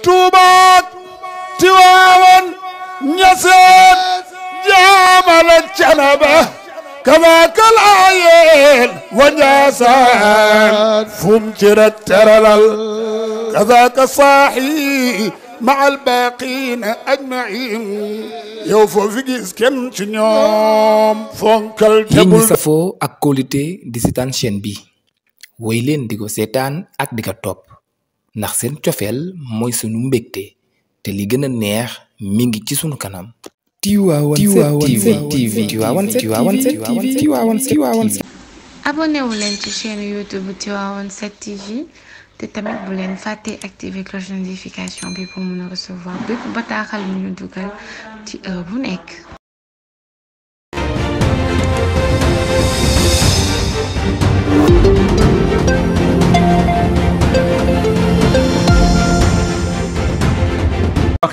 tuubaak tiwaawan ñaseen jaamala canaba kamaaka laayeen wa fum cira teralal kadaaka saaxi ma albaaqiina ajmain yow foo fi gis kenn ci ñoom fonkal te bul safoo ak kóolute di seetaan chaîne bi woy leen di ko seetaan ak di ko topp ndax seen cofeel mooy sunu mbégte te li gën a neex mi ngi ci sunu kanam. Tivaouane 7 TV Tivaouane 7 TV Tivaouane 7 TV. abonné leen ci chaîne youtube Tivaouane 7 TV te tamit bu leen fàttee activer cloche notification bi pour mën a recevoir bépp bataaxal bu ñu dugal ci bu nekk.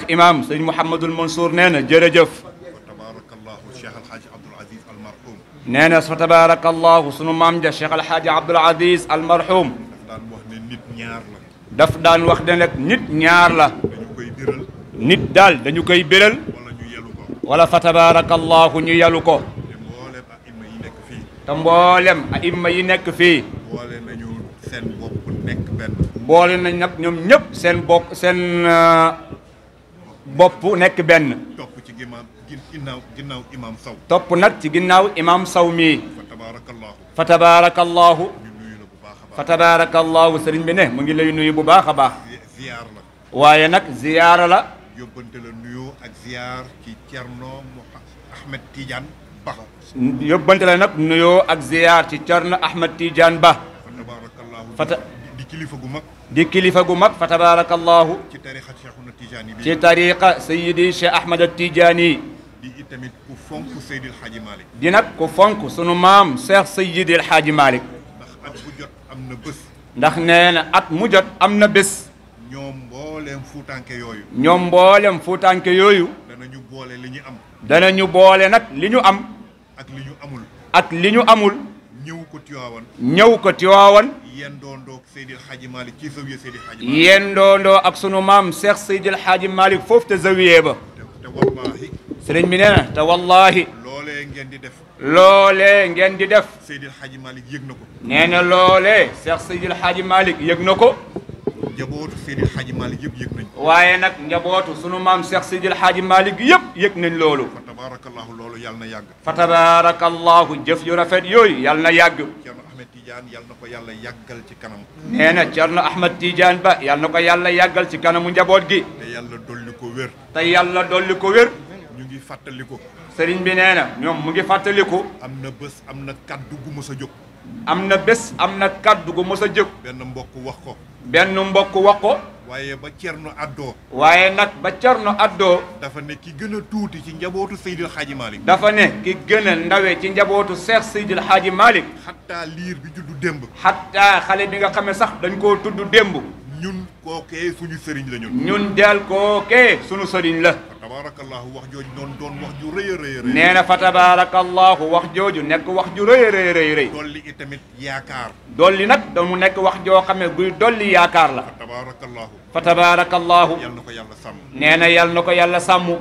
imaam sëñ Mouhamadul Mansour nee na jërëjëf. nee na fa tabaarakallahu sunu maam ja Cheikh Alxaaji Abdul Aziz Al Marxoum. daf daan wax ne nag nit ñaar la. nit daal dañu koy biral. wala fa tabaarakallahu ñu yalu ko. te mboolem a imma yi nekk fii. boole nañu seen bopp nekk benn. boole nañ nag ñoom ñëpp seen bokk seen. bopp nekk benn. topp ci ginnaaw ginnaaw imaam saw. topp nag ci ginnaaw imaam saw mii. fa tabaarakallaahu. fa tabaarakallaahu sëriñ bi ne mu ngi lay nuyu bu baax a baax. waaye nag ziyaara la. yóbbante la nuyoo ak ziyaar ci Thierno Ahmed Tidiane Ba. yóbbante la nag nuyoo ak ziyaar ci Thierno Ahmed Tidiane Ba. fa kilifa gu mag. di kilifa gu mag fa tabaarakallaahu. ci tariqa Cheikhuna Tijaani bi. ci tariqa Seydi Cheikh Ahmad Tijaani. di it tamit ku fonk Seydi El Hadji Malick. di nag ku fonk sunu maam Cheikh Seydi El Hadji Malick. ndax at mu jot am na bés. ndax nee na at mu jot am na bés. ñoom mboolem fuutanke yooyu. ñoom mboolem fuutanke yooyu. danañu boole li ñu am. danañu boole nag li ñu am. ak li ñu amul. ak li ñu amul. ñëw ko Tiwaawan. ñëw ko Tiwaawan. yendoo ndoo ak sunu maam Cheikh Seydil Hadji Malick foofu te zawiyee ba sëriñ bi nee na te wallaahi loolee ngeen di def loolee ngeen di def Seydil Hadji Malick yëg na ko nee na loolee Cheikh Seydil Hadji Malick yëg na ko njabootu Seydil Hadji Malick yëpp yëg nañ waaye nag njabootu sunu maam Cheikh Seydil Hadji Malick yëpp yëg nañ loolu fa tabarakallahu loolu yàlla na yàgg fa tabarakallahu jëf yu rafet yooyu yàlla na yàgg Ahmed Tidiane yal na ko yàlla yàggal ci kanam. nee na Thierno Ahmed Tidiane ba yal na ko yàlla ci kanamu njaboot gi. te yàlla dolli ko wér. te yàlla dolli ko wér. ñu ngi fàttaliku. sëriñ bi nee na ñoom mu ngi fàttaliku. am na bés am na kaddu gu mës a jóg. am na kaddu gu mës a jóg. mbokk wax ko. benn mbokk wax ko. waaye ba Cerno Addo. waaye nag ba Cerno Addo. dafa ne ki gën a tuuti ci njabootu Seydil xaaji malik dafa ne ki gën ndawe ci njabootu Cheikh Seydil xaaji Malick. xattaa liir bi juddu démb. xattaa xale bi nga xam ne sax dañ koo tudd démb. ñun kookee suñu sëriñ la ñun. ñun del kookee suñu sëriñ la. fa tabaarakallaahu wax jooju doon doon wax ju rëy a rëy. nee na fa tabaarakallaahu wax jooju nekk wax ju rëy a rëy rëy. dolli itamit yaakaar. dolli nag da mu nekk wax joo xam ne guy dolli yaakaar la. fa tabaarakallaahu. fa tabaarakallaahu. na ko yàlla sàmm. ko yàlla sàmm.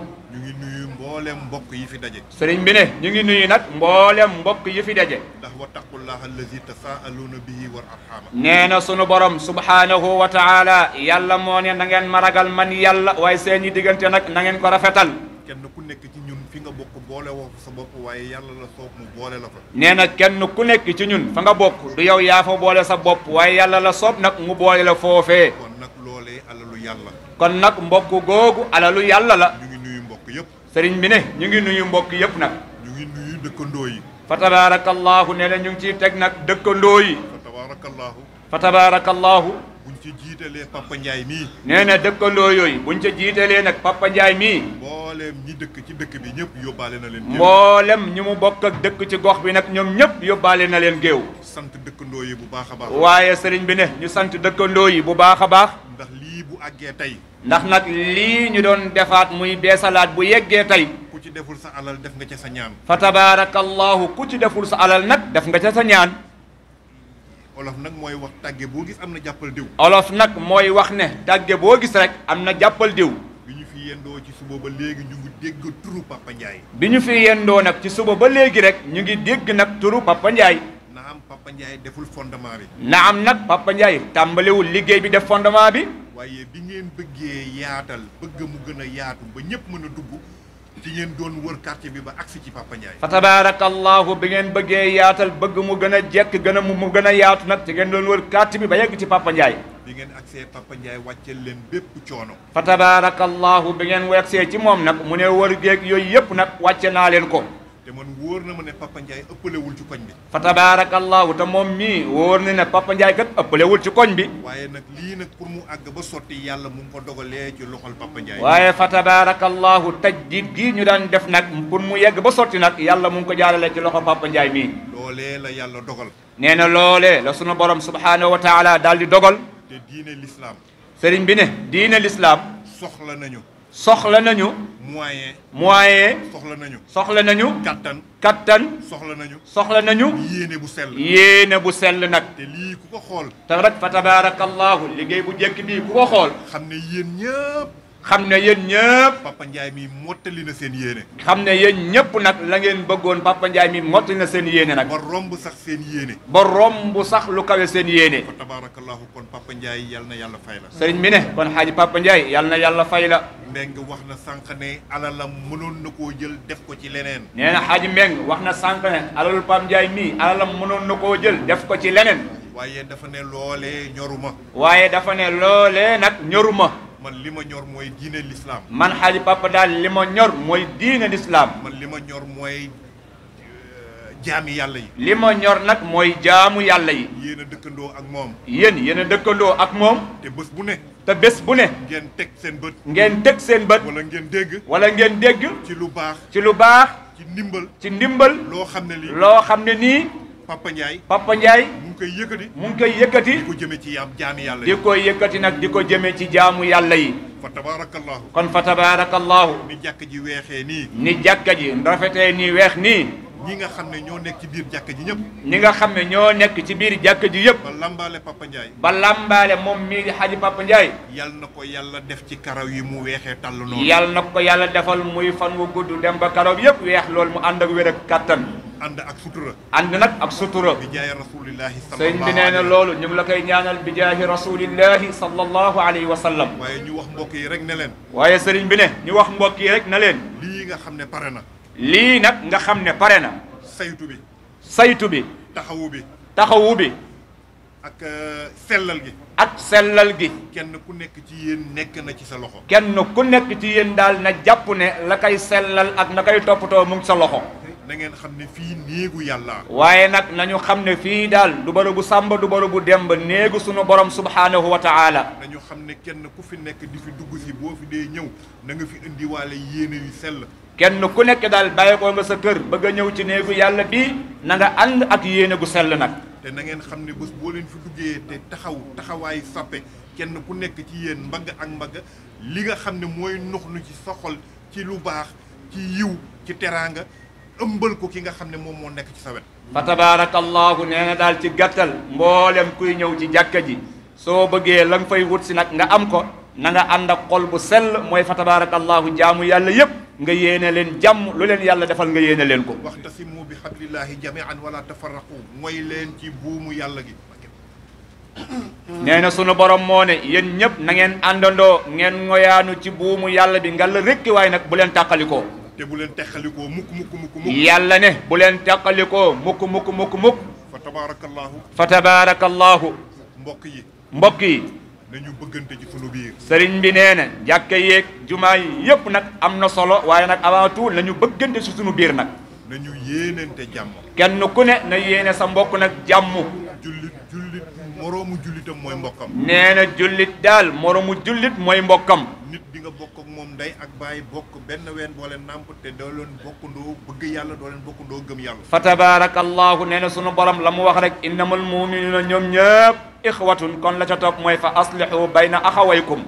mbooleem mbokk yi fi daje sëriñ bi ne ñu ngi nuyu nag mbooleem mbokk yi fi daje ndax wattaqullaha allazi tasaaluuna bihi wal arxama nee na sunu borom subhaanahu wa taala yàlla moo ne na ngeen ma ragal man yàlla waaye seeni i diggante nag nangeen ko rafetal kenn ku nekk ci ñun fi nga bokk boole woo sa bopp waaye yàlla la soob boole la fa nee na kenn ku nekk ci ñun fa nga bokk du yow yaa fa boole sa bopp waaye yàlla la soob nag mu boole la foofe kon nag loolee alalu yàlla kon mbokk googu alalu yàlla la sëriñ bi ne ñu ngi nuyu mbokk yëpp nag. ñu ngi nuyu dëkkandoo yi. fa tabaarakallaahu ne ñu ngi ciy teg nag dëkkandoo yi. fa tabaarakallaahu. fa tabaarakallaahu. buñ ci jiitalee Papa njaay mii. nee dëkkandoo yooyu buñ ci jiitalee nag Papa Ndiaye mii. mboolem ñi dëkk ci dëkk bi ñëpp yóbbaale na leen. géew mboolem ñi mu bokk ak dëkk ci gox bi nag ñoom ñëpp yóbbaale na leen géew. sant dëkkandoo yi bu baax baax. waaye sëriñ bi ne ñu sant dëkkandoo yi bu baax baax. ndax li bu agge tay ndax nak li ñu doon defaat muy besalat bu yegge tay ku ci deful sa alal def nga ci sa ñaan. fa tabaarakallaahu ku ci deful sa alal nak def nga ci sa ñaan. olof nak moy wax tagge bo gis amna jappal diw. olof nak moy wax ne tagge bo gis rek amna jappal diw. biñu fi yendo ci suba ba legi ñu ngi dégg turu Papa ndjay biñu fi yendo nak ci suba ba legi rek ñu ngi dégg nak turu Papa ndjay Papa Ndiaye deful fondement bi. naam nag Papa Ndiaye tàmbaliwul liggéey bi def fondement bi. waaye bi ngeen bëggee yaatal bëgg mu gën a yaatu ba ñëpp mën a dugg. ci ngeen doon wër quartier bi ba agsi ci Papa Ndiaye. fa tabaarakallaahu bi ngeen bëggee yaatal bëgg mu gën a jekk gën a mu gën a yaatu nag ci ngeen doon wër quartier bi ba yegg ci Papa Ndiaye. bi ngeen agsee Papa Ndiaye wàcceel leen bépp coono. fa tabaarakallaahu bi ngeen wegsee ci moom nag mu ne wër géeg yooyu yëpp nag wàcce naa leen ko. te man wóor na ma ne Papa Ndiaye ëppalewul ci koñ bi. fa tabaarakallaahu te moom mii wóor na ne Papa Ndiaye ëppalewul ci koñ bi. waaye nag lii nag pour mu àgg ba sotti yàlla mu ngi ko dogalee ci loxol Papa Ndiaye. waaye fa tabaarakallaahu tajdiid gii ñu daan def nag pour mu yegg ba sotti nag yàlla mu ngi ko jaaralee ci loxo Papa Ndiaye mii. loolee la yàlla dogal. nee na loolee la sunu borom subhaanahu wa taala daal di dogal. te diine sëriñ bi ne diine lislaam. soxla nañu. soxla nañu. moyen. moyen. soxla nañu. soxla nañu. kattan. kattan. soxla nañu. soxla nañu. yéene bu sell. yéene bu sell nag. te lii ku ko xool. te rek fa tabaarakallaahu liggéey bu njëkk bii ku ko xool. xam ne yéen ñëpp. xam ne yéen ñëpp. papa Ndiaye mi na seen yéene. xam ne yéen ñëpp nag la ngeen bëggoon papa Ndiaye mi mottali na seen yéene nag. ba romb sax seen yéene. ba romb sax lu kawe seen yéene. fa tabaarakallaahu kon papa Ndiaye yal na yàlla fay la. sëriñ mi ne kon xaaji papa Ndiaye yal na yàlla fay la. Mbengue wax na sànq ne alalam mënoon na koo jël def ko ci leneen. nee na xaaji Mbengue wax na sànq ne alalu Pape Ndiaye nii alalam mënoon na koo jël def ko ci leneen. waaye dafa ne loolee ñoruma. waaye dafa ne loole nag ñoruma. man li ma ñor mooy diine lislaam. man xaaji papa daal li ma ñor mooy diine lislaam. man li ma ñor mooy. jaami yalla yi lima ñor nak moy jamu yalla yi yeena dekkendo ak mom yeen yeena dekkendo ak mom te bes bu ne te bes bu ne ngeen tek sen beut ngeen tek seen beut wala ngeen deg wala ngeen deg ci lu bax ci lu bax ci ndimbal ci ndimbal lo xamne li lo xamne ni Papa Ndiaye Papa Ndiaye mu ngi koy yëkëti mu ngi koy yëkëti diko ci yam jaamu yalla yi diko yëkëti nak diko jëme ci jaamu yalla yi tabarakallah kon tabarakallah ni jakk ji wexé ni ni jakk ji ni wex ni ñi nga xam ne ñoo nekk ci biir jàkk ji ñëpp ñi nga xam ne ñoo nekk ci biir jàkk ji yëpp ba lambaale Papa Ndiaye ba lambaale moom mii di xaji Papa Ndiaye yal na ko yàlla def ci karaw yi mu weexee tàll noonu yal na ko yàlla defal muy fan wu gudd dem ba karaw yëpp weex loolu mu ànd ak wér ak kàttan ànd ak sutura ànd nag ak sutura bi jaayi rasulillahi sëñ bi nee na loolu ñu ngi la koy ñaanal bi jaayi rasulillahi sallallahu alayhi wa sallam waaye ñu wax mbokk yi rek ne leen waaye seriñ bi ne ñu wax mbokk yi rek na leen lii nga xam ne pare na lii nag nga xam ne pare na. saytu bi. saytu bi. taxawu bi. taxawu bi. ak euh, sellal gi. ak sellal gi. kenn ku nekk ci yéen nekk na ci sa loxo. kenn ku nekk ci yéen daal na jàpp ne la kay sellal ak na koy toppatoo mu ngi sa loxo. na ngeen xam ne fii néegu yàlla. waaye nag nañu xam ne fii daal du bërëbu sàmba du bërëbu demb néegu sunu borom subhaanahu wa taala. nañu xam ne kenn ku fi nekk di fi dugg si boo fi dee ñëw na fi indiwaale yéene yu sell. kenn ku nek dal bàyyeekoo nga sa keur beug ñew ci neegu yalla bi na nga and ak yene gu sel nak te na ngeen xamni ne bo leen fi duggé te taxaw taxaway sappe kenn ku nek ci yéen mbag ak mbag li nga xamni ne nuxnu ci soxol ci lu bax ci yiw ci teranga eumbal ko ki nga ne mo nek ci sawet fa tabarakallahu neena dal ci gattal mbollem kuy ñew ci jakka ji so beugé lang nga fay wut ci nak nga am ko na nga ànd ak xol bu sell mooy fa tabarakallahu jaamu yàlla yëpp nga yéene leen jàmm lu leen yàlla defal nga yéene leen ko waxtasimu bi hablillahi jamian wala tafarraqu mooy leen ci buumu yàlla gi nee sunu borom moo ne yéen ñëpp na ngeen àndandoo ngeen ngoyaanu ci buumu yàlla bi nga la rekki waaye nag bu leen tàqalikoo te bu leen teqalikoo mukk yàlla ne bu leen teqalikoo mukk mukk mukk mukk fa tabarakallahu fa tabarakallahu mbokk yi mbokk yi nañu bëggante ci sunu biir. sëriñ bi nee na jàkka yeeg jumaa yi yëpp nag am na solo waaye nag avant tout nañu bëggante ci sunu biir nag. nañu yéenante jàmm. kenn ku ne na yéene sa mbokk nag jàmm. jullit moroomu jullitam mooy mbokkam. nee na jullit daal moroomu jullit mooy mbokkam. nit bi nga bokk moom ndey ak baay bokk benn ween boo leen nàmp te doo leen bokkundoo bëgg yàlla doo leen bokkundoo gëm yàlla. fa tabaarakallaahu nee na sunu borom la mu wax rek innamal muminuuna ñoom ñëpp ixwatun kon la ca topp mooy fa aslihu bayna axawaykum.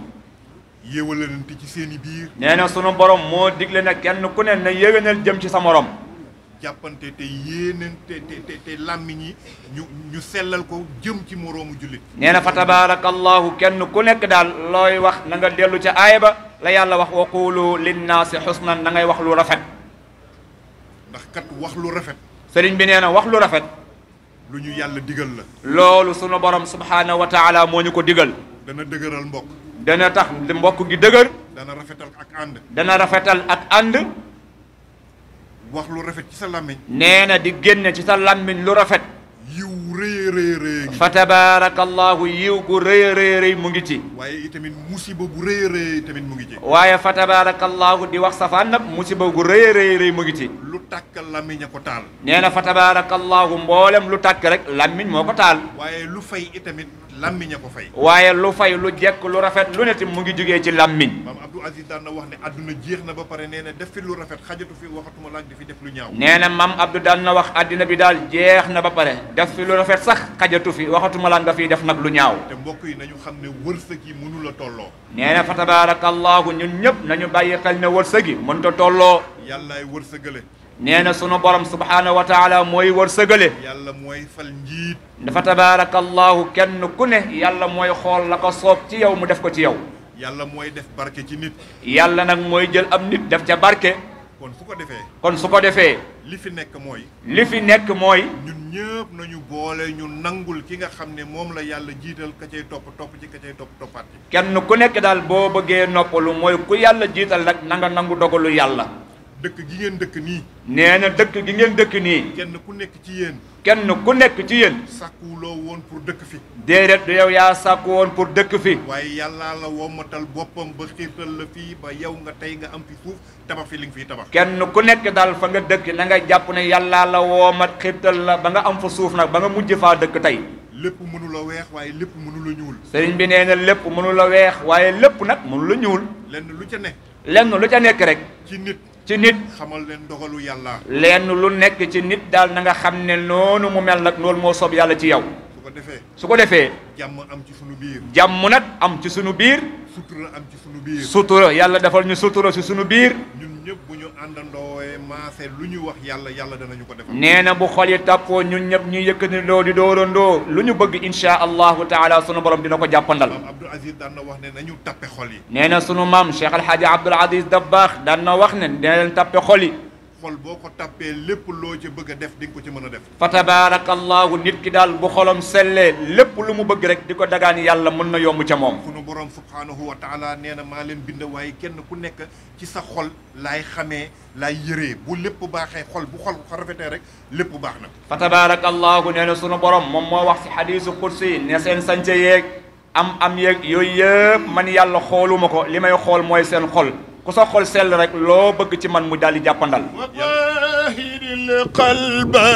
yéewalanante ci seen i biir. nee na sunu borom moo digle na kenn ku nen na yéwénal jëm ci sa morom. jàppante te yenen te te te te lamini ñu ñu sellal ko jëm ci moromu julit neena na fa tabarakallahu kenn ku nek dal loy wax na nga delu ci ayba la yalla wax wa quulu linnaasi husnan na ngay wax lu rafet ndax kat wax lu rafet serigne bi neena wax lu rafet lu ñu yalla digal la lolu sunu borom subhanahu wa taala mo ñu ko digal dana degeural mbokk dana tax mbokk gi degeur dana rafetal ak and dana rafetal ak and wax lu rafet ci sa làmmiñ nee na di génne ci sa lu rafet yiw rëy rëy rëy gitu. fa tabarakallahu yiw gu rëy rëy rëy mu ngi ci waaye itamit musiba gu rëy rëy tamit mu ngi ci waaye fa tabarakallahu di wax safaan nag musiba gu rëy rëy rëy mu ngi ci lu tàkk làmmiñ a ko taal nee na fa tabarakallahu mboolem lu tàkk rek làmmiñ moo ko taal waaye lu fay itamit làmmiñ a ko fay waaye lu fay lu jekk lu rafet lu ne mu ngi ci Abdou Aziz na wax ne jeex na ba pare def fi lu rafet xajatu fi waxatuma laaj fi def lu ñaaw Abdou na wax bi jeex na ba pare def fi lu rafet sax xajatu fi waxatuma la nga fiy def nag lu ñaaw. te mbokk yi nañu xam ne wërsëg yi mënu la tolloo. nee na fa tabaarakallaahu ñun ñëpp nañu bàyyi xel ne wërsëg yi mënta tolloo. yàllaay wërsëgale. nee na sunu borom subhaanahu wa taala mooy wërsëgale. yàlla mooy fal njiit. dafa tabaarakallaahu kenn ku ne yàlla mooy xool la ko soob ci yaw mu def ko ci yaw yàlla mooy def barke ci nit. yàlla nag mooy jël am nit def ca barke. kon su ko defee. kon su ko defee. li fi nekk mooy. li fi nekk mooy. ñun ñëpp nañu boole ñu nangul ki nga xam ne moom la yàlla jiital ka cay topp topp ci ka cay topp toppaat ci. kenn ku nekk daal boo bëggee noppalu mooy ku yàlla jiital nag na nga nangu dogalu yàlla. dëkk gi ngeen dëkk nii. nee na dëkk gi ngeen dëkk nii. kenn ku nekk ci yéen. kenn ku nekk ci yéen. sàkkuwuloo woon pour dëkk fi. déedéet du yow yaa sàkku pour dëkk fi. waaye yàllaa la womatal boppam ba xiirtal la fii ba yow nga tey nga am fi suuf tabax fi li nga fi tabax. kenn ku nekk daal fa nga dëkk na nga jàpp ne yàllaa la woomat xiirtal la ba nga am fa suuf nag ba nga mujj faa dëkk tey. lépp mënu weex waaye lépp mënu la ñuul. sëriñ bi nee na lépp mënu la weex waaye lépp nag mënu la lenn lu ca ne. lenn lu ca nekk rek. ci nit. ci nit. leen dogalu yàlla. lenn lu nekk ci nit daal na nga xam ne noonu mu mel nag loolu moo soob yàlla ci yow. su defee su ko defee. jàmm am ci sunu biir. jàmm nag am ci sunu biir. sutura am ci sunu biir. sutura yàlla defal ñu sutura si sunu biir. ñun ñëpp bu ñu àndandoowee maase lu ñu wax yàlla yàlla ñu ko defal. nee na bu xol yi tàppoo ñun ñëpp ñu yëkkatindoo di doorandoo lu ñu bëgg insha allahu taala sunu borom dina ko jàppandal. maam Abdul Aziz daan na wax ne nañu tappe xol yi. nee sunu maam Cheikh Al Hadj Abdul Aziz Dabakh daan na wax ne dina leen tappe xol xol boo ko tàppee lépp loo ci bëgg def di ko ci mën a def fa tabaarakallaahu nit ki daal bu xolam sellee lépp lu mu bëgg rek di ko dagaan yàlla mën na yomb ca moom sunu borom subhaanahu wa taala nee na maa leen bind waaye kenn ku nekk ci sa xol laay xamee laay yëree bu lépp baaxee xol bu xol ko rek lépp baax na fa tabaarakallaahu nee na sunu borom moom moo wax si xadiisu kursi ne seen sance yeeg am am yeeg yooyu yëpp man yàlla xooluma ko li may xool mooy seen xol ku sa xol sel rek lo bëgg ci man mu dal di jàppandal waahidil qalba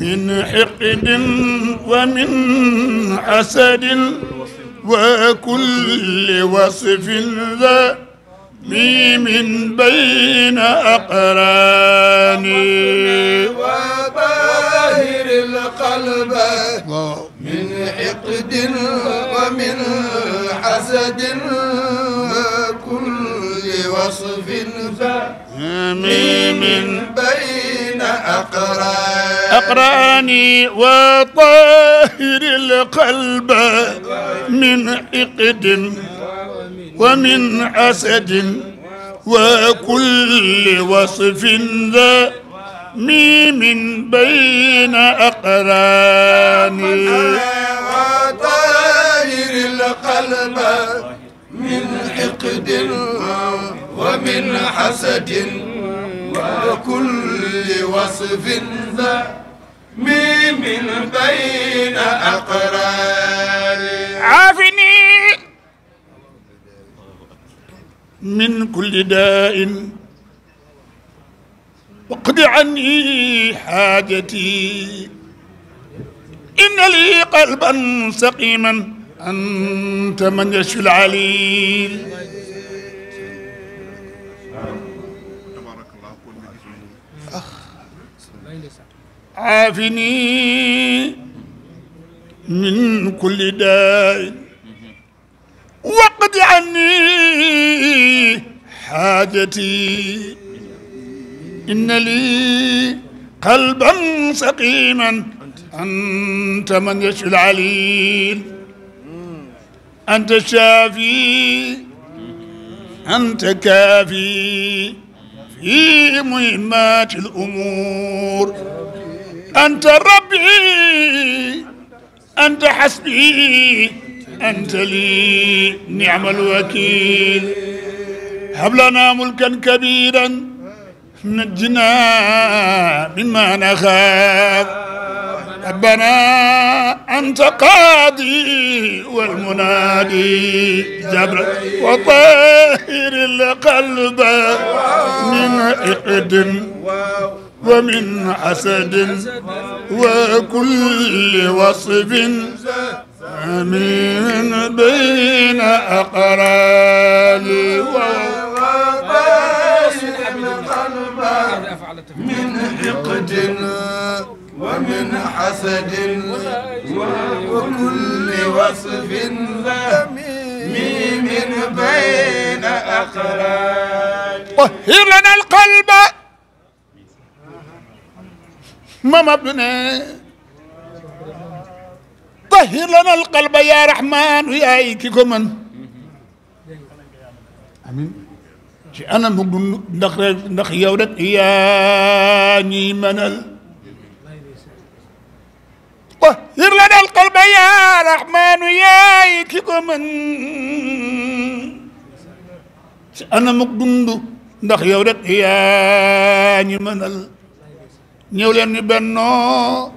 min xiqdin wa min asadin wa kulli wasfin za ميم بين أقراني وطاهر القلب من حقد ومن حسد بوصف زميم بين أقران أقراني وطاهر القلب من عقد ومن أسد وكل وصف ذا ميم بين أقراني من حسد وكل وصف ذا ميم بين أقران عافني من كل داء واقض عني حاجتي إن لي قلبا سقيما أنت من يشفي العليل عافني من كل داء واقض عني حاجتي إن لي قلبا سقيما أنت من يشفي العليل أنت الشافي أنت كافي في مهمات الأمور أنت ربي أنت حسبي أنت لي نعم الوكيل هب لنا ملكا كبيرا نجنا مما نخاف ربنا أنت قاضي والمنادي جبر وطهر القلب من عقد ومن حسد وكل وصف من بين القلب من حقد ومن حسد وكل وصف من بين أقراني طهر لنا القلب maam Abdou ne tahir lana al qalba yaa rahmaanu yaay ki ko mën amin ci anam mu dund ndax rek ndax yow rek yaa ñuy mënal tahir lana al qalba yaa rahmaanu yaay ki ko mën ci anam mu dund ndax yow rek yaa ñuy mënal ñëw leen ñu bennoo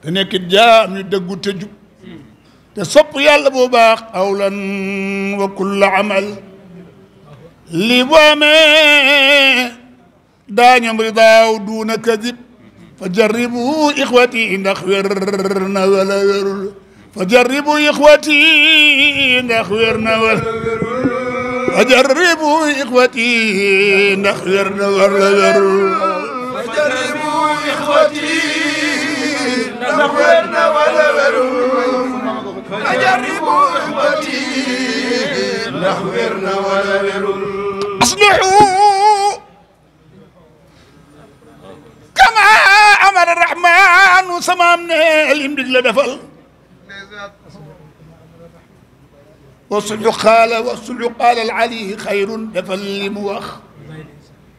te nekkit jaam ñu dëggu te jub te sopp yàlla bu baax awlan wa kulla amal lii bu amee daañam ridaaw duuna kadib fa jarribu ixwati ndax wér na wala wérul fa jarribu ixwati ndax wér na wala fa jarribu ixwati ndax wér na wala wérul ترجموا إخوتي نفرنا ولا برون أجربوا إخوتي نحورنا ولا برون أصلحوا كما أمر الرحمن وسمامنا اليمدك لدفل وصلح قال وصلح قال العلي خير دفل لموخ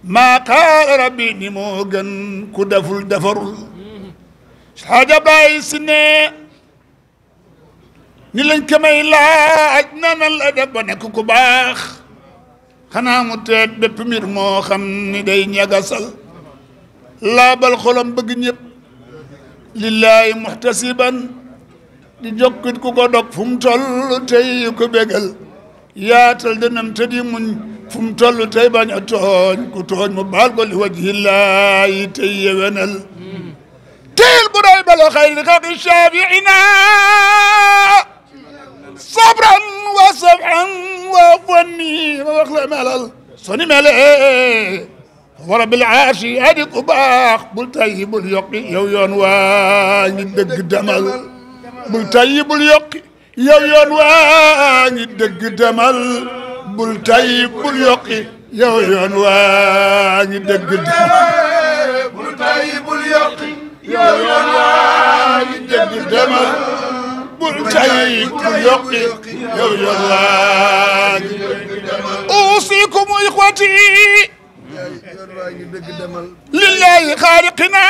Maka qaala rabbi ni moo ku deful defarul xaaja ni lañ ko may nana la def ba nekk ku baax xanaa mu teet bépp mbir moo xam ni day ñagasal laabal xolam bëgg ñëpp lillaahi muhtasiban di jokkit ku ko dok fu mu tey ku bégal yaatal te di muñ فمتلو تيبان يتوهن كتوهن مبالغو لوجه الله تيبانل تيل براي بلو خير لقاق الشابعنا صبرا وصبعا وفني ووخل ملل صني ملل ورب العاشي هدي قباخ بلتايب اليقي يو واني دق دمل بلتايب اليقي يو واني دق دمل bul tay bul yokki yow yoon waa ngi dëgg bul tay bul yokki yow yoon waa ngi dëgg bul tay bul yokki yow yoon waa ngi dëgg demal uusikum ixwati lillahi xaariqina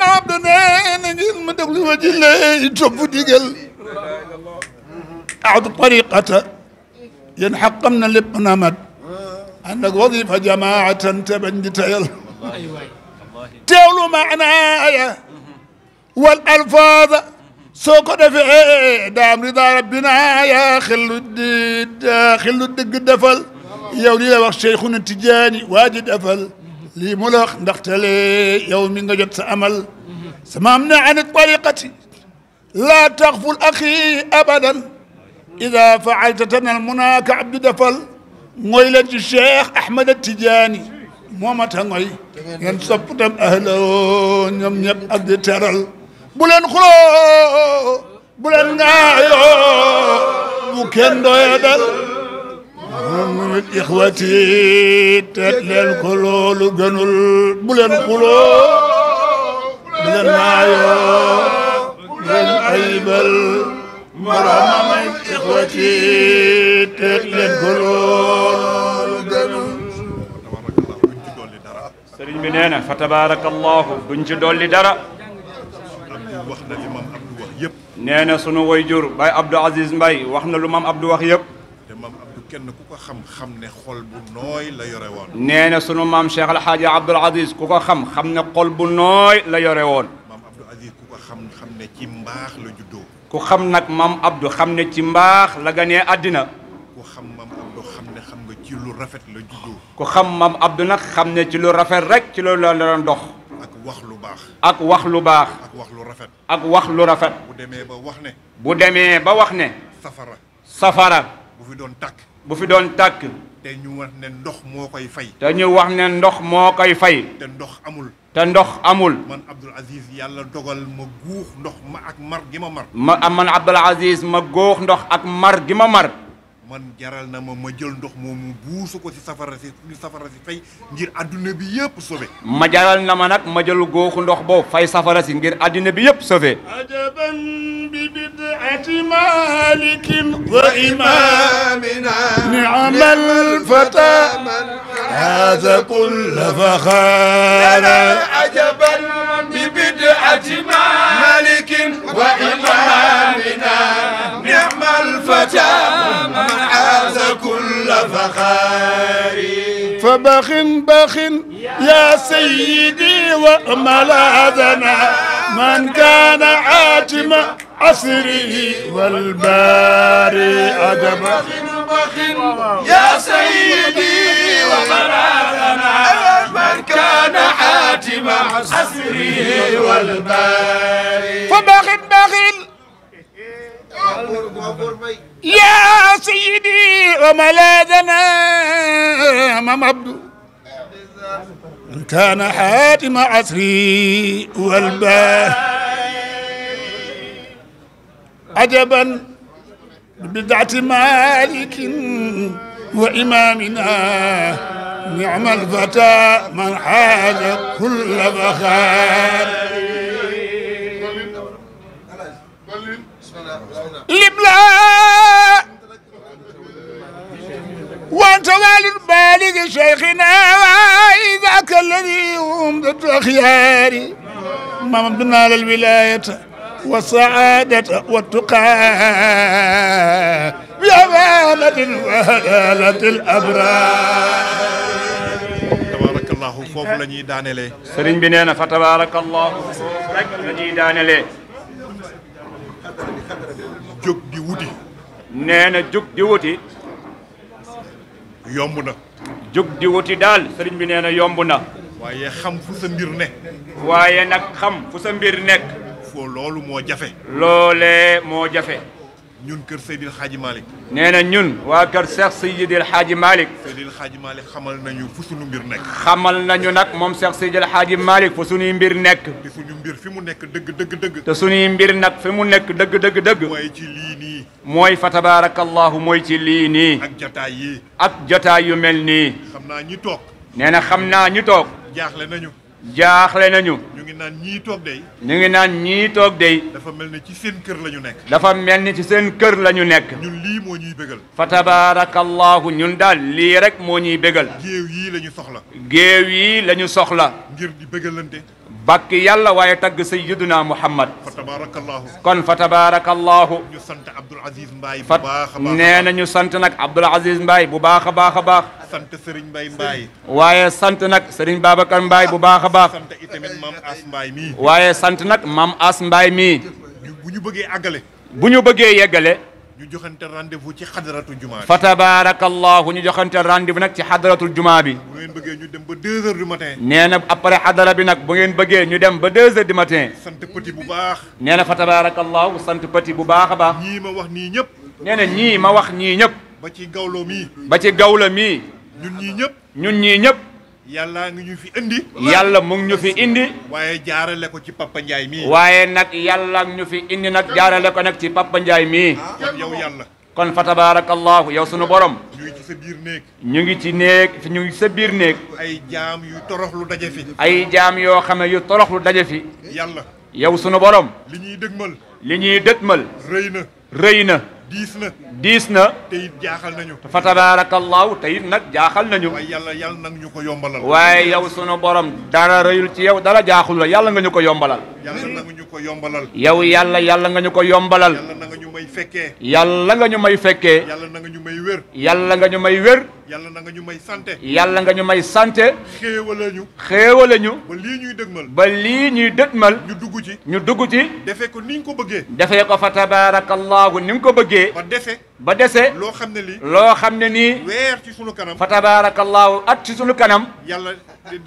maam du nee na ngeen ma déglu wa ينحقمنا لبنا مد أنك وظيفة جماعة تبنج تيل تولو معنى آية والألفاظ سوكو دفعي دام رضا ربنا يا خلو الدد خلو الدق دفل يولي لوق شيخون التجاني واجد أفل لي ملخ نختلي يومي نجد أمل سمامنا عن الطريقة لا تغفل أخي أبداً إذا فعلت تنا المنا كعبد دفل مويل الشيخ أحمد التجاني موما تنوي ينصب دم أهله نم نب أبد ترل بلن خلو بلن نايو بكين دو إخواتي محمد إخوتي تتلل بلن خلو بلن نايو بلن أيبل مرامي اخوتي تقل سرين بنينا فتبارك الله بنج دولي دارا نينا سنو ويجور باي عبد عزيز باي واخنا لمام عبد وخيب نينا سنو مام شيخ الحاج عبد العزيز كوكا خم خم نقول بو لا يوري ku xam nag maam Abdou xam ne ci mbaax la ganee àddina ku xam maam Abdou xam ne xam nga ci lu rafet la juddoo ku xam maam Abdou nag xam ne ci lu rafet rek ci loolu la doon dox ak wax lu baax ak wax lu baax ak wax lu rafet ak wax lu rafet bu demee ba wax ne bu demee ba wax ne safara safara bu fi doon tàkk bu fi doon tàkk te ñu wax ne ndox moo koy fay. te ñu wax ne ndox moo koy fay. te ndox amul. te ndox amul. man Abdoul Aziz yàlla dogal ma guux ndox ma ak mar gi ma mar. ma man Abdoul Aziz ma góox ndox ak mar gi ma mar. man jaral na ma ma jël ndox moomu buusu ko ci safara si ñu safara si fay ngir adduna bi yëpp sauvé ma jaral na ma nag ma jël góoxu ndox boobu fay safara si ngir adduna bi yëpp sauvé ajaban bi bid'ati malikin wa imamina ni'mal fata man hada kull fakhara ajaban bi bid'ati malikin wa imamina الفتى من عاز كل فخار فبخ بخ يا سيدي وامل أذنا من كان عاجم عصره والباري أدبا يا سيدي وملاذنا من كان حاتم عصره والباري فبخ بخ يا سيدي وملاذنا ممبدو إن كان حاتم عصري والباه عجبا ببدعة مالك وإمامنا نعم الفتى من حاز كل بخار وانت والي البالي شيخنا ذاك الذي هم ضد ما منا للولاية والسعادة والتقى يا بلد وهلالة الأبرار تبارك الله فوق لني سرين بنينا فتبارك الله wuti. nee jóg di wuti. yomb na. jóg di wuti daal sëriñ bi nee na yomb na. waaye xam fu sa mbir nekk. waaye nag xam fu sa mbir nekk. foo loolu moo jafe. loolee moo jafe. ñun kër Seydil Xaaji Malick nee na ñun wa kër Cheikh Seydil Xaaji Malick Seydil hadji malik xamal nañu fu suñu mbir nek xamal nañu nak mom Cheikh Seydil hadji malik fu suñu mbir nek fi suñu mbir fi mu nek deug deug deug te suñu mbir nak fi mu nek deug deug deug moy ci li ni moy fa tabarakallah moy ci li ni ak jataay yi ak jataay yu melni xamna xam naa ñi toog nee na xam ñi toog jaaxle nañu jaaxle nañu. ñu ngi naan ñii toog dey. ñu ngi naan ñii toog dey. dafa mel ni ci seen kër la ñu nekk. dafa mel ni ci seen kër la ñu nekk. ñun lii moo ñuy bégal. fa tabaarakallahu ñun daal lii rek moo ñuy bégal. géew yii la ñu soxla. géew yii lañu soxla. ngir di bégalante. bàkk yàlla waaye tagg sayyiduna muhammad fa tabarakallahu kon fa tabarakallahu ñu sant Abdoul Aziz Mbaye bu baax a baax nee na ñu sant nag Abdoul Aziz Mbaye bu baax a baax a baax sant Serigne Mbaye Mbaye waaye sant nag Serigne Babacar Mbaye bu baax a baax sant itamit Mame As Mbaye mii waaye sant nag Mame As Mbaye mii bu ñu bëggee àggale bu ñu bëggee yeggale ñu joxante rendez-vous ci xadaratu jumaa bi. fa tabaarakallahu ñu joxante rendez-vous nag ci xadaratul jumaa bi. bu ngeen bëggee ñu dem ba deux heures du matin. nee na après xadara bi nag bu ngeen bëggee ñu dem ba deux heures du matin. sant petit bu baax. nee na fa tabaarakallahu sant petit bu baax a baax. ñii ma wax nii ñëpp. nee ñii ma wax ñii ñëpp. ba ci gawlo mii. ba ci gawlo mi ñun ñii ñëpp. ñun ñii ñëpp. yàlla ngi ñu fi indi. yàlla mu ñu fi indi. waaye jaarale ko ci Papa Ndiaye mii. waaye nag yàlla ñu fi indi nag jaarale ko nag ci Papa njaay mii. Ah. kon yow yàlla. kon fa tabarakallahu yow sunu borom. ñu ngi ci sa biir néeg. ñu ngi ci néeg ñu sa biir néeg. ay jaam toroxlu daje fi. ay jaam yoo xam ne yu toroxlu daje fi. yàlla. yow sunu borom. li ñuy dëgmal. li ñuy dëgmal. rëy na rëy na. diis na diis na. te it jaaxal nañu. fa tabaarakallaahu te it nag jaaxal nañu. waaye yàlla yàlla nag ñu ko yombalal. waaye yow sunu borom dara rëyul ci yow dara jaaxul la yàlla nga ñu ko yombalal. yàlla nag ñu ko yombalal. yow yàlla yàlla nga ñu ko yombalal. yàlla nga ñu may fekkee. yàlla nga ñu may fekkee. yàlla nga ñu may wér. yàlla nga ñu may wér. yàlla na nga ñu may sante. yàlla nga ñu may sante. xéewale ñu. xéewale ñu. ba lii ñuy dëgmal. ba lii ñuy dëgmal. ñu dugg ci. ñu dugg ci. defee ko ni ko bëggee. defee ko fa tabaarakallaahu ni ko bëggee liggéey. ba dese. ba dese. loo xam ne lii. loo xam ne nii. weer ci sunu kanam. fa tabaarakallaahu at ci sunu kanam. yàlla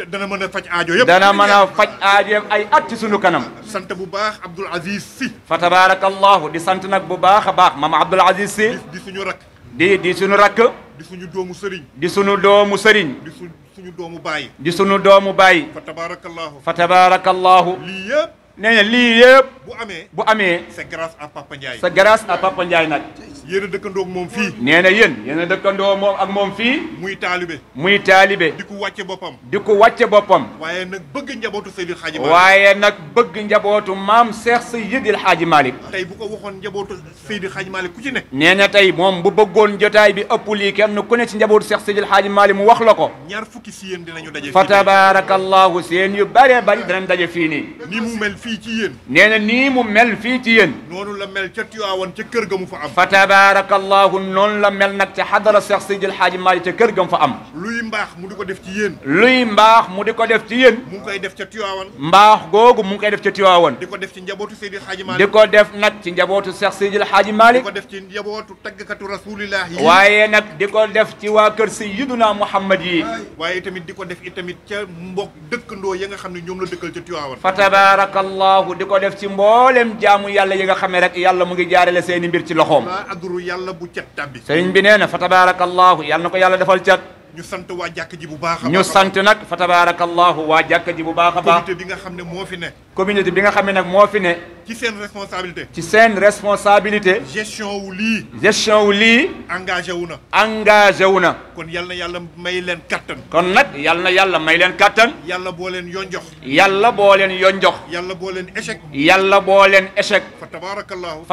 dana mën a faj aajo yëpp. dana mën a faj aajo yëpp ay at ci sunu kanam. sant bu baax Abdoul Aziz Sy. fa tabaarakallaahu di sant nag bu baax a baax maam Abdoul Aziz Sy. di suñu rakk. di di suñu rakk. di suñu doomu sëriñ. di suñu doomu sëriñ. di suñu doomu baay. di suñu doomu baay. fa tabaarakallaahu. fa tabaarakallaahu. lii yëpp. nee na lii yëpp. bu amee bu amee. c'est grâce à Papa Ndiaye. c'est grâce à Papa Ndiaye nag. yéen a dëkkandoo ak moom fii. nee na yéen yéen a dëkkandoo moom ak moom fii. muy taalibe. muy taalibe. di ko wàcce boppam. di ko wàcce boppam. waaye nag bëgg njabootu Seydil Hadji Malick. waaye nag bëgg njabootu maam Cheikh Seydil Hadji Malick. tey bu ko waxoon njabootu Seydil Hadji Malick ku ci ne. nee na tey moom bu bëggoon jotaay bi ëpp lii kenn ku ne ci njabootu Cheikh Seydil Hadji Malick mu wax la ko. ñaar fukki si yéen dinañu daje. fa tabaarakallahu seen yu bare bari dinañ daje fii nii. ni mu mel fii ci yéen nee na nii mu mel fii ci yéen noonu la mel ca Tiwaawan ca kër ga mu fa am fa tabaarakallahu noonu la mel nag ca xadara Seex Seydi El Hadji Maalik ca kër ga mu fa am luy mbaax mu di ko def ci yéen luy mbaax mu di ko def ci yéen mu ngi koy def ca Tiwaawan mbaax googu mu ngi koy def ca Tiwaawan di ko def ci njabootu Seydi El Hadji Maalik di ko def nag ci njabootu Seex Seydi El Hadji Maalik di ko def ci njabootu taggkatu rasulillah yi waaye nag di ko def ci waa kër Seydina Muhammad yi waaye tamit di ko def itamit ca mbokk dëkkandoo ya nga xam ne ñoom la dëkkal ca Tiwaawan fa tabaarakallahu الله ديكو ديف سي مبولم جامو يالا ييغا خامي رك يالا موغي جارال سيني مبير سي لوخوم ادرو يالا بي نينا فتبارك الله يالا نكو يالا ديفال تيات ñu sant wa jakki bu baakha ñu sant nak fa tabarak allah wa jakki bu baakha ba ko communauté bi nga xam nak mo fi ne. ci sen responsabilité. ci sen responsabilité. gestion wu li gestion wu li engagé wu na. engagé wu na. kon yalla yàlla may len carton kon nak yalla yàlla may len kattan. yàlla bo len yoon jox. yàlla bo len yoon jox. yàlla bo len échec. yàlla bo len échec. fa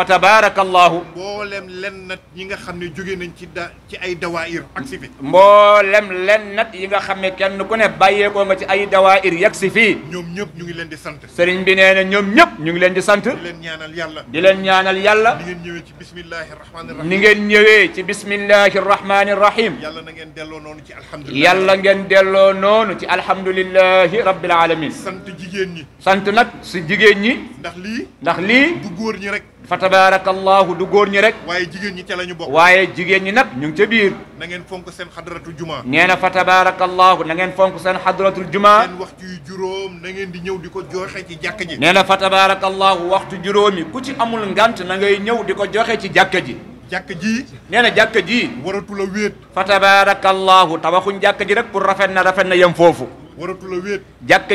tabarakallah fa bo lem len nat yi nga xamné jóge nañ ci ci ay dawair ak sifi fi. lem len nat yi nga xamné kenn ku ne ko nga ci ay dawair yak sifi ñom ñep ñu ngi len di sante sëriñ bi nee na ñoom ñëpp ñu ngi leen di sant. di leen ñaanal yàlla. di leen ñaanal yàlla. ni ngeen ñëwee ci bismillahi rahmaani rahim. ni ngeen ñëwee ci bismillahi rahmaani rahim. yàlla na ngeen delloo noonu ci alhamdulilah. yàlla ngeen delloo noonu ci alhamdulilahi rabbil alamin. sant jigéen ñi. sant nag si jigéen ñi. ndax lii. ndax lii. du góor ñi rek. fa tabaarakallaahu du góor ñi rek. waaye jigéen ñi ca la ñu bokk. waaye jigéen ñi nag ñu ngi ca biir. na ngeen fonk seen xadratul juma. nee na fa tabaarakallaahu na ngeen fonk seen xadratul juma. seen waxtu yu juróom na ngeen di ñëw di ko joxe ci jàkka ji. nee na fa tabaarakallaahu waxtu juróomi ku ci amul ngant na ngay ñëw di ko joxe ci jàkka ji. jàkka ji. nee na jàkka ji. waratu la wéet. fa tabaarakallaahu tabaxuñ jàkka ji rek pour rafet na rafet na yem foofu. waratu la wéet.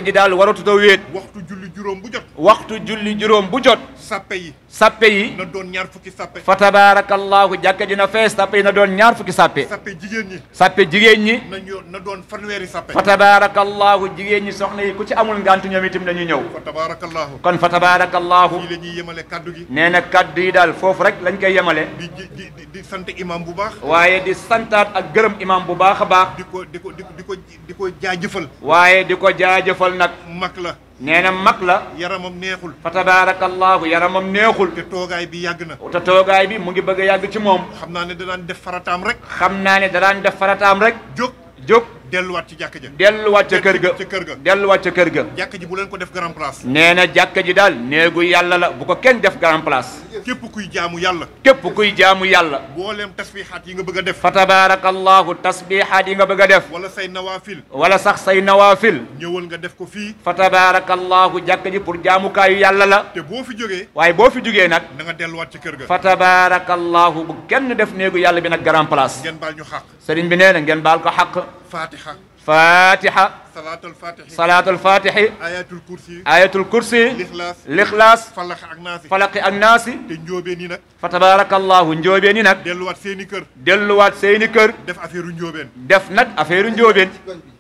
ji daal waratu la wéet. waxtu julli juróom bu jot. waxtu julli juróom bu jot. sappe yi. sappe yi. na doon ñaar fukki sappe. fa tabaarakallaahu jàkka ji na fees sappe yi na doon ñaar fukki sappe. sappe jigéen ñi. sappe jigéen ñi. na ñoo na doon fanweeri sappe. fa tabaarakallaahu jigéen ñi soxna yi ku ci amul ngant ñoom itam dañuy ñëw. fa tabaarakallaahu. kon fa tabaarakallaahu. fii la ñuy yemale kaddu gi. nee na kaddu yi daal foofu rek lañu koy yemale. di di di sant imam bu baax. waaye di santaat ak gërëm imam bu baax a baax. di ko di ko di ko di ko jaajëfal waaye di ko jaajëfal nag. mag la. nee na mag la. yaramam neexul. fa tabaarakallaahu yaramam neexul. te toogaay bi yàgg na. te toogaay bi mu ngi bëgg a yàgg ci moom. xam naa ne danaan def farataam rek. xam naa ne danaan def farataam rek. jóg jóg. delluwaat ci jàkk ja delluwaat ca kër ga ca kër ga delluwaat ca kër ga jàkk ji bu leen ko def grand place nee na ji daal néegu yàlla la bu ko kenn def grand place képp kuy jaamu yàlla képp kuy jaamu yàlla booleem tasbihaat yi nga bëgg a def fa tabarakallahu tasbihaat yi nga bëgg a def wala say nawaafil wala sax say nawaafil ñëwal nga def ko fii fa tabarakallahu jàkk ji pour jaamukaayu yàlla la boo fi jógee waaye boo fi jógee nag na delluwaat ci kër ga fa tabarakallahu bu kenn def néegu yàlla bi nag grand place ngeen baal ñu xàq sëriñ bi nee na ngeen baal ko xàq الفاتحة فاتحة صلاة الفاتح صلاة الفاتح آية الكرسي آية الكرسي الإخلاص الإخلاص فلق الناس فلق الناس تنجوبيني نك فتبارك الله نجوبيني نك دلوات سيني كر دلوات سيني كر دف أفير نجوبين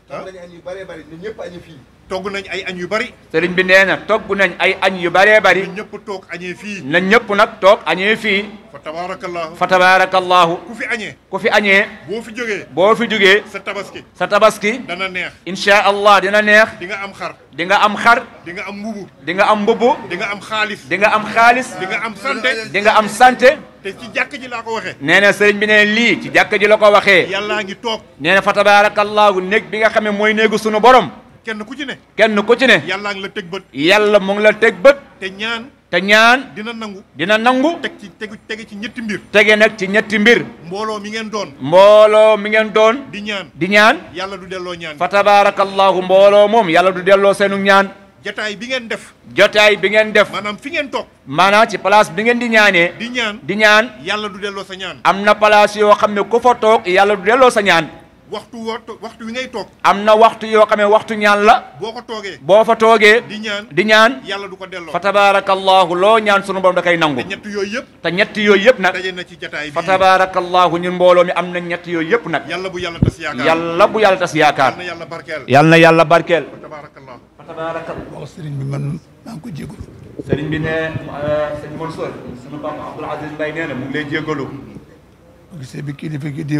togg nañ añ yu bëree bari ñun ñëpp añu fii togg nañ ay añ yu bëri sëriñ bi nee na togg nañ ay añ yu bëree bëri ñëpp toog añee fii na ñëpp nag toog añee fii fa tabaarakallaahu fa tabaarakallaahu ku fi añee ku añee boo fi jógee boo fi jógee sa tabaski sa tabaski dana neex insha allah neex di nga am xar di nga am xar di nga am mbubu di nga am mbubu di nga am xaalis di nga am xaalis di nga am santé di nga am santé te ci jàkk ji laa ko waxee nee na sëriñ bi nee lii ci jàkk ji la ko waxee yàllaa ngi toog nee na fa tabaarakallaahu néeg bi nga xam ne mooy néegu sunu borom kenn ku ci ne kenn ku ci ne yàllaa ngi la teg bët yàlla mu ngi la teg bët te ñaan te ñaan dina nangu dina nangu teg ci tegu tege ci ñetti mbir tege nag ci ñetti mbir mbooloo mi ngeen doon mbooloo mi ngeen doon di ñaan di ñaan yàlla du delloo ñaan fa tabaarakallaahu mbooloo moom yàlla du delloo seenu ñaan jotaay bi ngeen def. jotaay bi ngeen def. maanaam fi ngeen toog. maanaam ci place bi ngeen di ñaanee. di ñaan di yàlla du delloo sa ñaan. am na place yoo xam ne ku fa toog yàlla du delloo sa ñaan. waxtu waxtu wi ngay toog. am na waxtu yoo xam ne waxtu ñaan la. boo ko toogee boo fa toogee. di ñaan di ñaan. yàlla du ko delloo fa tabaarakallaahu loo ñaan sunu borom da koy nangu. te ñett yooyu yëpp. te ñett yooyu yëpp nag. daje na ci jotaay bi fa tabaarakallaahu ñun mbooloo mi am na ñett yooyu yëpp nag. yàlla bu yàlla tas yaakaar yàlla bu yàlla tas yaakaar. yàlla na yàlla barkeel. fa tabaarakallaahu. sëriñ bi man maa ngi ko jégalu. sëriñ bi ne euh, sëñ Mansour sama papa Abdoul Aziz Mbaye nee na mu ngi bi kilifa gi di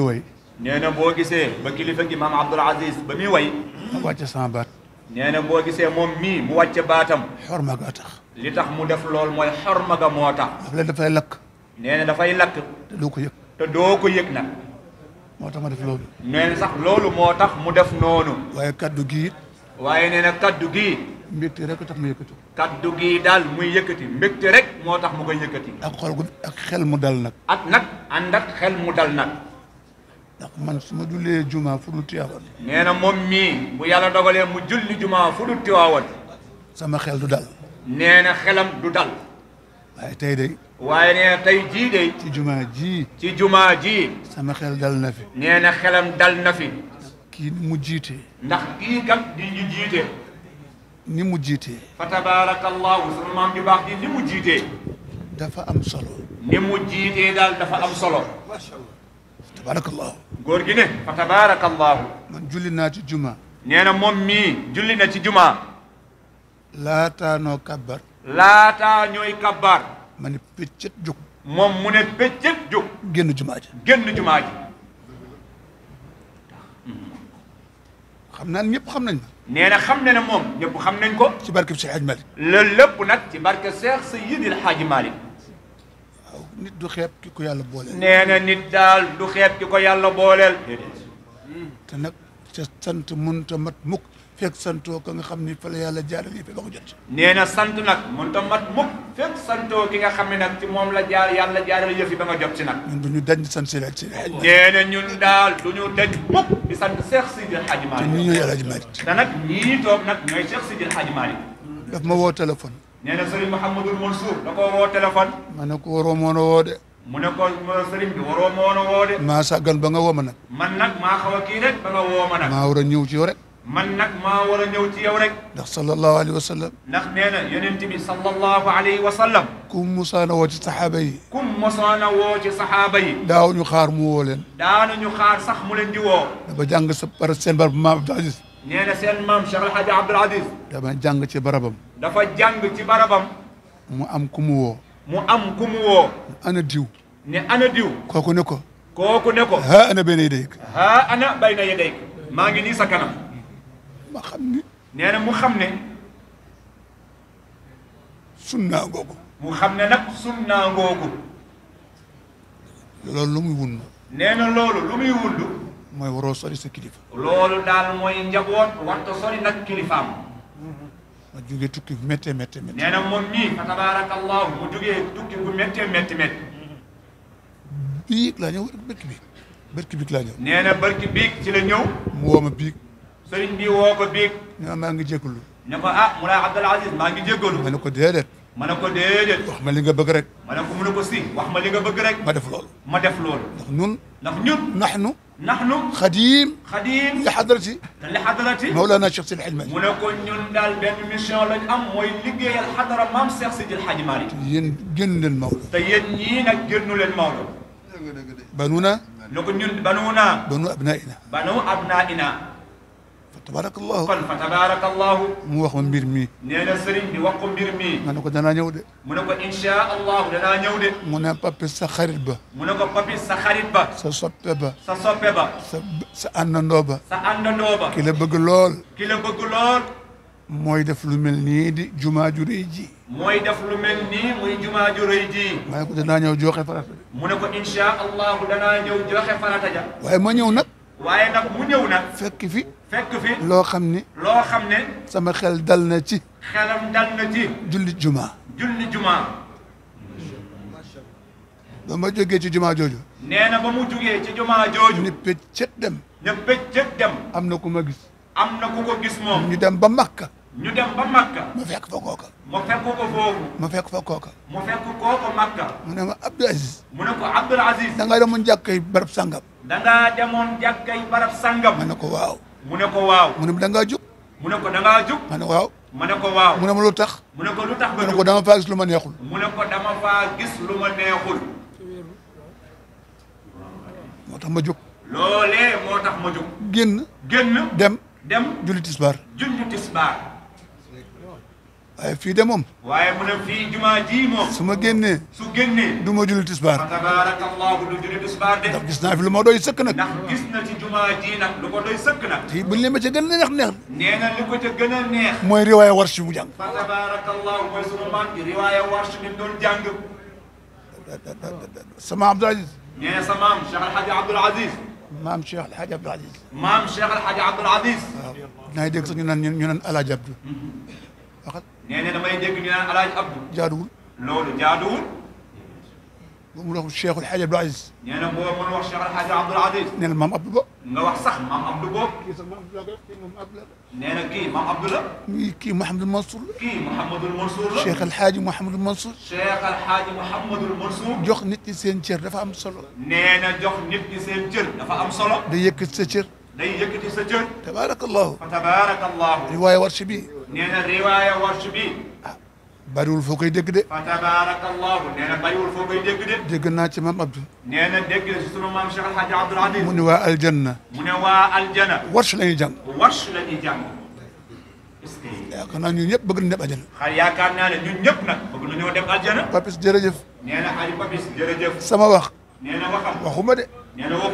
nee na boo gisee ba kilifa gi maam Abdul Aziz ba muy way. mu wàcce sama baat. nee na boo gisee moom mi mu wàcce baatam. xorma ga tax. li tax mu def lool mooy xorma ga moo tax. daf dafay lakk. nee dafay lakk. te doo ko yëg. te doo ko yëg nag. moo tax ma def loolu. nee sax loolu moo tax mu def noonu. waaye kaddu gi waaye nee na kaddu gi. mbégte rek tax mu yëkkati. kaddu gi daal muy yëkkati mbégte rek moo tax mu koy yëkkati. ak xol ak xel mu dal nag. ak nag ànd ak xel mu dal nag. ndax man su ma jullee juma fu dul tiwaawan nee na moom mii bu yàlla dogalee mu julli juma fu dul tiwaawan sama xel du dal nee na xelam du dal waaye tey de waaye nee na tey jii de ci juma jii ci juma jii sama xel dal na fi nee na xelam dal na fi kii ni mu jiite ndax kii kat di ñu jiite ni mu jiite fa tabaarakallahu sunu maam ju baax di ni mu jiite dafa am solo ni mu jiitee daal dafa am solo تبارك الله غورغيني فتبارك الله من جولينا تي جمعه نينا مومي جولينا تي جمعه لا تا نو كبر لا تا نوي كبر من بيتيت جوك موم مون بيتيت جوك ген جمعه ген جمعه خمنا نيب خمنا نينا خمنا موم نيب خمنا نكو تبارك الشيخ حاج مالك لولب نك تبارك الشيخ سيدي الحاج مالك nit du xeeb ki ko yàlla booleel. nee na nit daal du xeeb ki ko yàlla booleel. te nag ca sant mënta mat mukk fekk santoo ka nga xam ni fa la yàlla jaarale yi ba ko jot. nee na sant nag mënta mat mukk fekk santoo ki nga xam ne nag ci moom la jaar yàlla jaarale yëf yi ba nga jot ci nag. ñun du ñu dañ di sant Seydi Seydi Hadji Malick. nee na ñun daal du ñu dañ mukk di sant Cheikh Seydi Hadji Malick. te ñii ñooy El Hadji Malick. te nag ñii toog nag ñooy Cheikh Seydi Hadji Malick. daf ma woo téléphone. nee na sëriñ Mouhamadul Mansour da koo woo téléphone. ma ne ko waroo moo na woo de. mu ne ko sëriñ bi waroo moo na woo de. maa sàggan ba nga woo ma nag. man nag maa xaw a kii rek ba nga woo ma nag. maa war a ñëw ci yow rek. man nag maa war a ñëw ci yow rek. ndax sallallahu alayhi wa sallam. ndax nee na yonent bi sallallahu alayhi wa sallam. kum musaana woo ci saxaaba yi. kum musaana woo ci saxaaba yi. daaw ñu xaar mu woo leen. daanu ñu xaar sax mu leen di woo. dafa jàng sa par seen bar Abdou Aziz. nee na seen maam Cheikh El Hadj Abdoul Aziz. dama jàng ci barabam. dafa jàng ci barabam. mu am ku mu woo. mu am ku mu woo. ana diw. ne ana diw. kooku ne ko. kooku ne ko. haa ana bayna yadayk. haa ana bayna yadayk. maa ngi nii sa kanam. ma xam ni. nee na mu xam ne. sunnaa ngoogu. mu xam ne nag sunnaa ngoogu. loolu lu muy wund. nee na loolu lu muy wund. mooy waroo sori sa kilifa. loolu daal mooy njaboot warta sori nag kilifaam. ma jugee tukki bu méttee méttee méttee. nee na moom mii fa tabaarakallahu mu jugee tukki bu méttee méttee méttee. biig laa ñëw bërki biig bërki biig laa ñëw. nee na bërki biig ci la ñëw. mu woo ma biig. sëriñ bi woo ko biig. ñu ne maa ngi jégalu. ne ko ah Moulay Abdoul Aziz maa ngi jégalu. ma ne ko déedéet. ma ne ko déedéet. wax ma li nga bëgg rek. ma ne ko mu ne ko si wax ma li nga bëgg rek. ma def loolu. ma def loolu. ndax ñun. ndax ñun. nax nu. نحن خديم خديم لحضرتي لحضرتي مولانا الشيخ سيدي الحجماري ولكن نندال بين ميشيون لاج ام موي ليغي الحضر مام الشيخ سيدي الحجماري ين جن المولى تين ني نك جنو لين مولى بنونا لوكن بنونا بنو ابنائنا بنو ابنائنا tabarakallahu kon fa tabarakallahu mu wax ma mbir mii nee na sëriñ bi wax ko mbir mii ma ne ko danaa ñëw de mu ne ko insha allahu danaa ñëw de mu ne papi sa xarit ba mu ne ko papi sa xarit ba sa soppe ba sa soppe ba sa sa àndandoo ba sa àndandoo ba ki la bëgg lool ki la bëgg lool mooy def lu mel nii di jumaa ju rëy ji mooy def lu mel nii muy jumaa ju rëy ji ma ne ko danaa ñëw joxe farata mu ne ko insha allahu danaa ñëw joxe farata ja waaye ma ñëw nag waye nak mu ñew nak fekk fi. fekk fi lo xamne lo xamne sama xel dal na ci. xelam dal na ci. julli juma. julli juma. ba ma joge ci juma joju neena ba mu joge ci juma jooju. ne pëccët dem. ne pëccët dem. amna ku ma gis. amna ku ko gis mom ñu dem ba Makka. ñu dem ba Makka. ma fekk fa koko ma fekk ko fofu ma fekk fa koko ma fekk koko Makka. mu ne ma Abdou Aziz. mu ne ko Abdou Aziz. da ngay demoon jàkkay barap sangam da jamon demoon jàkkay barab sangam. ma waw muneko waw munem ne ko waaw. mu ne da ngaa jug. Muneko ne da ngaa jug. ma ne waaw. mu ne lu tax. lu tax ba. muneko dama fa gis luma neexul. muneko dama fa gis luma neexul. motax ma juk lolé motax ma juk genn genn dem. dem julitisbar julitisbar waaye fii de moom. waaye mu ne fii jumaa ji moom. su ma génnee. su génnee. du ma julli tisbaar. fa tabaaraka allahu du julli tisbaar de. ndax gis naa fi lu ma doy sëkk nag. ndax gis na ci jumaa ji nag lu ko doy sëkk nag. te buñ leen ma ca gën a neex neex. nee na li ko ca gën a neex. mooy riwaaya warsh mu jàng. fa tabaaraka allahu mooy sunu maam bi riwaaya warsh bi mu doon jàng. sama Abdul Aziz. nee na sama maam Cheikh El Hadj Abdul Aziz. maam Cheikh El Hadj Abdul Aziz. maam Cheikh El Hadj Abdul Aziz. waaw naa dégg sax ñu naan ñu naan El Hadj Abdou. نينا دمي دغ ني نان علاج عبد جادول لولو جادول بقول لك الشيخ الحاج عبد العزيز نينا بو من واخ الشيخ الحاج عبد العزيز نينا مام عبد بو نغا واخ صح مام عبد بو كي سام عبد الله كي مام عبد الله نينا كي مام عبد الله مي كي محمد المنصور كي محمد المنصور الشيخ الحاج محمد المنصور الشيخ الحاج محمد المنصور جوخ نيت سين تير دا فا ام صلو نينا جوخ نيت سين تير دا فا ام صلو دا يكت سير دا يكت سير تبارك الله تبارك الله روايه ورشبيه نينا الرواية ورشبي بارول فوقي دك دي فتبارك الله نينا بارول فوقي دك دي دك ناتي مام عبد نينا دك سنو مام شيخ الحاج عبد العزيز منوا الجنة منوا الجنة ورش لاني جام ورش لاني جام يا كان ني نيب بغن نيب اجنا خا يا كان نانا ني نيب نا بغن نيو ديب اجنا بابيس جيرجيف نينا حاج بابيس جيرجيف سما واخ نينا واخ واخوما دي يعني الله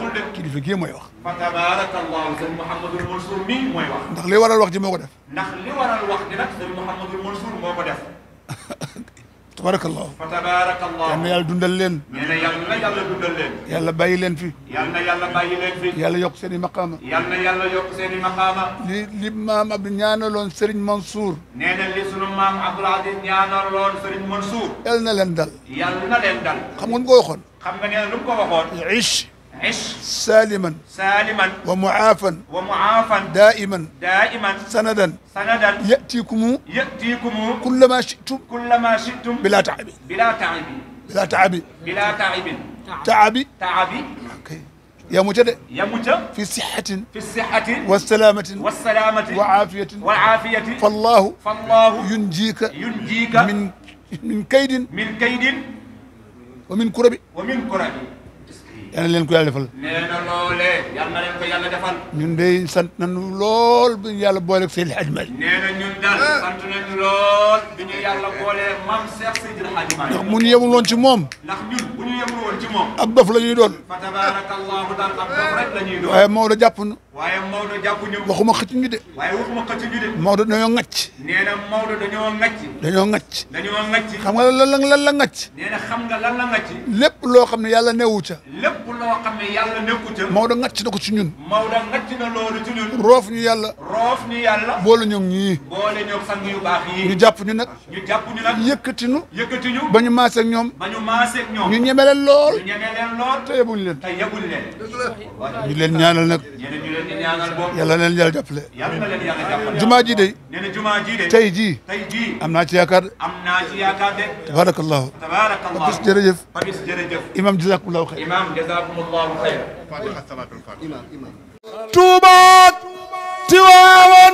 تبارك الله فتبارك الله يعني يالا دوندال لين يالا يالا يالا دوندال لين يالا باي لين في يالا يالا باي لين في يالا يوك سيني مقام يالا يالا يوك سيني مقام لي لي مام عبد نيانالون سيرين منصور نينا لي سونو مام عبد العزيز نيانالون سيرين منصور يالنا لين دال يالنا لين دال خمون كو وخون خمغا نيا لوم كو وخون عيش عش سالما سالما ومعافا ومعافا دائما دائما سندا سندا يأتيكم يأتيكم كل ما شئتم كل ما شئتم بلا تعب بلا تعب بلا تعب بلا تعب تعب تعب اوكي يا مجد يا مجد في صحة في الصحه والسلامة والسلامة وعافية وعافية فالله فالله ينجيك ينجيك من من كيد من كيد ومن كرب ومن كرب yal na leen ko yàlla defal. nee na loolee yal na leen ko yàlla defal. ñun de sant nañu lool bu ñu yàlla booleeg Seydil Hadji Malick. nee na ñun daal sant nañu lool bu ñu yàlla boolee maam Cheikh Seydil Hadji Malick. ndax bu ñu yemul woon ci moom. ndax ñun bu ñu yemul woon ci moom. ab dof la ñuy doon. fa tabarakallahu daal ab dof rek la ñuy doon. waaye Maodo jàpp na. waaye Maodo jàpp ñu. waxuma xëcc ñu de. waaye waxuma xëcc ñu de. Maodo dañoo ŋàcc. nee na Maodo dañoo ŋàcc. dañoo ŋàcc. dañoo ŋàcc. xam nga lan lan la ŋàcc. nee na xam nga lan la ŋàcc. lépp loo xam ne yàlla newu ca. lépp lépp loo xam ne yàlla nekku ca Maodo ngacc na ko ci ñun Maodo ngacc na loolu ci ñun roof ñu yàlla roof ñu yàlla boole ñoom ñii boole ñoom sang yu baax yi ñu jàpp ñu nag ñu jàpp ñu nag yëkkati ñu yëkkati ñu ba ñu maase ak ñoom ba ñu maase ak ñoom ñu ñeme leen lool ñu ñeme leen lool te yebuñ leen te yebuñ leen ñu leen ñaanal nag ñu leen ñaanal boobu yàlla leen yàlla jàppale yàlla leen yàlla jàppale jumaa ji day تيجي تيجي تبارك الله تبارك الله قدس جرجف امام جزاكم الله خير امام جزاكم الله خير توبات توان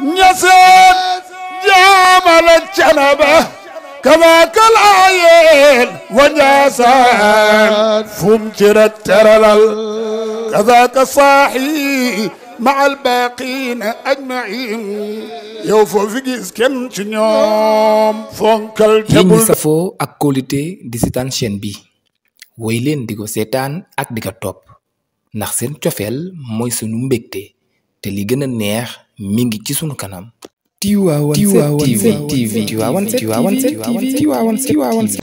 نسيت جمال الجنبه كما كل عين وجاسا فمجرت ترلل كذاك صاحي ma albaaqina ajmain yow foo fi gis kenn ci ñoom fonkal te bul safoo ak kóolute di seetaan chaîne bi woy leen di ko seetaan ak di ko topp ndax seen cofeel mooy sunu mbégte te li gën a neex mi ngi ci sunu kanam Tivaouane 7 TV Tivaouane 7 TV Tivaouane 7 TV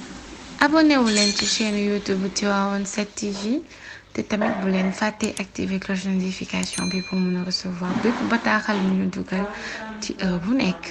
abonné wu leen ci chaîne YouTube Tivaouane 7 TV te tamit bu leen fàtte activer cloche notification bi pour mën a recevoir bépp bataaxal mu ñu dugal ci heure bu nekk